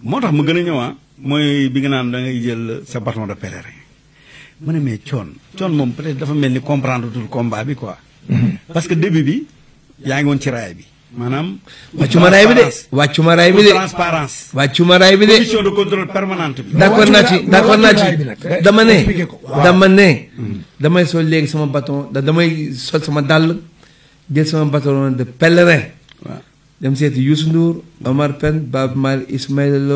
moo tax ma gën a ñëwaat ah, mooy bi nga naan da ngay jël sa baton de pèlerin mu ne mais coon coon moom peut-être dafa mel ni comprendre tout combat bi quoi. Mm-hmm. parce que début bi yaa ngi woon ci raay bi. maanaam. wàccuma ma bi wàccuma raay bi de transparence wàccuma raay bi de. commission de contrôle permanente bi. d'accord naa ci d'accord naa ci dama ne. dama ne. Mm-hmm. damay sol léegi sama bâton damay sol sama dàll jël sama bâton de pèlerin. dem seeti Youssou Omar Pen, Bab Mal